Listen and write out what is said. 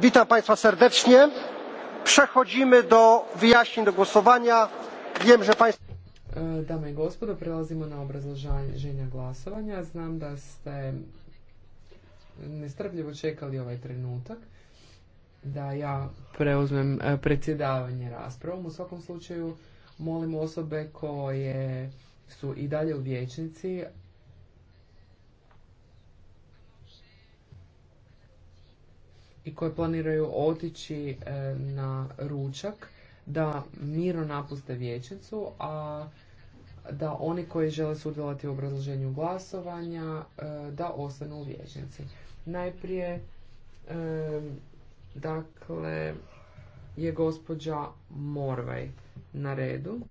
witam państwa serdecznie. przechodzimy do wyjaśnień do głosowania. wiem że państwo. E, dame i gospodo prelazimo na obrazloženja glasovanja. znam da ste nestrpljivo čekali ovaj trenutak da ja preuzmem e, predsjedavanje raspravom. U svakom slučaju molim osobe koje su i dalje u vijećnici i koje planiraju otići e, na ručak da miro napuste vijećnicu, a da oni koji žele sudjelovati u obrazloženju glasovanja e, da ostanu u vijećnici. Najprije e, dakle je gospođa Morvaj na redu.